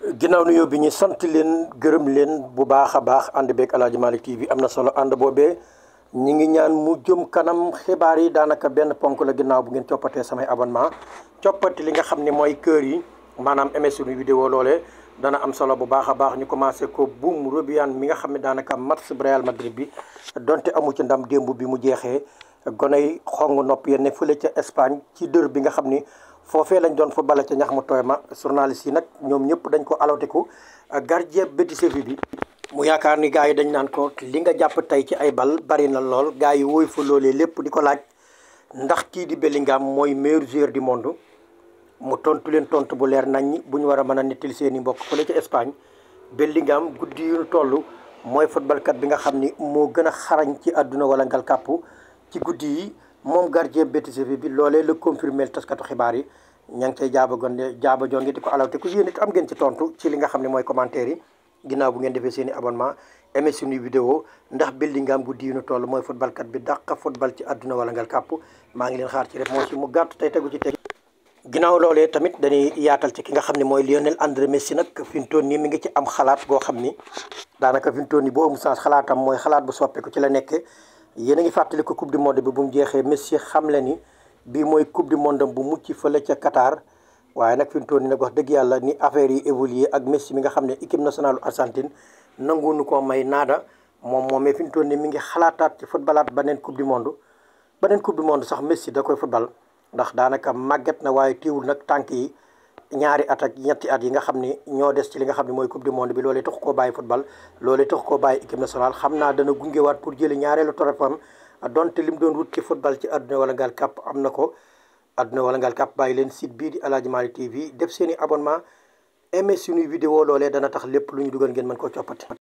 ginnaaw nuyoo bi ñu sant leen gërëm leen bu baax a baax ànd beeg Aladji Malick TV am na solo ànd boobee ñi ngi ñaan mu jëm kanam xibaar yi daanaka benn ponk la ginnaaw bu ngeen coppatee samay abonnement coppati li nga xam ni mooy kër yi maanaam émission vidéo loolee dana am solo bu baax a baax ñu commencé ko buum Rubian mi nga xam ne daanaka match Real Madrid bi donte amu ci ndam démb bi mu jeexee goney xong nopp yenn fële ca Espagne ci dër bi nga xam ni foofee lañ doon football ca ñax mu tooy ma journaliste yi nag ñoom ñëpp dañ ko alawtiku gardien Betis Séville bi mu yaakaar ni gars yi dañ naan ko li nga jàpp tey ci ay bal bari na lool gars yi woy fa loolee lépp di ko laaj ndax kii di Bellingham mooy meilleur joueur du monde mu tontu leen tontu bu leer nañ bu ñu war a mën a nettali seen i mbokk fële ci Espagne Bellingham guddi yu toll mooy footballkat bi nga xam ni moo gën a xarañ ci àdduna wala ngal kàpp ci guddi yi moom gardien Betis bi loolee la confirmé taskatu xibaar yi ña ngi cay jaaba gonde jaaba jonge di ko alaw te ku yéen it am ngeen ci tontu ci li nga xam ne mooy commentaire yi ginnaaw bu ngeen defee seen i abonnement aimé suñu vidéo ndax bu diinu toll mooy footballkat bi dàq football ci àdduna wala ngal kàpp maa ngi leen xaar ci rek moo ci mu gàtt tey tegu ci teg ginnaaw loolee tamit dañuy yaatal ci ki nga xam ne mooy Lionel André Messi nag fi mu toll nii mi ngi ci am xalaat boo xam ni daanaka fi mu toll nii boo amul sens xalaatam mooy xalaat bu soppeeku ci la nekke yéen a ngi fàttali ko coupe du monde bi bu mu jeexee Messi xam le ni bii mooy coupe du monde bu mucc fële ca Qatar waaye nag fi mu toll nii nag wax dëgg yàlla ni affaire yi évolué ak Messi mi nga xam ne équipe nationale Argentine nanguwuñu ko may naada moom moomee fi mu toll nii mi ngi xalaataat ci footballaat beneen coupe du monde beneen coupe du monde sax Messi da koy football ndax daanaka màgget na waaye teewul nag tànk yi. ñaari at ak ñetti at yi nga xam ni ñoo des ci li nga xam ne mooy coupe du monde bi loolee tax koo bàyyi football loolee ko koo bàyyi équipe nationale xam naa dana gungewaat pour jëli ñaareelu toroppam donte lim doon wut ci football ci àdduna wala ngal kàpp am na ko àdduna wala ngal kàpp bàyyi leen site bii di Aladji Malick TV def seen i abonnement aimé suñuy vidéo loolee dana tax lépp lu ñu dugal ngeen mën koo coppati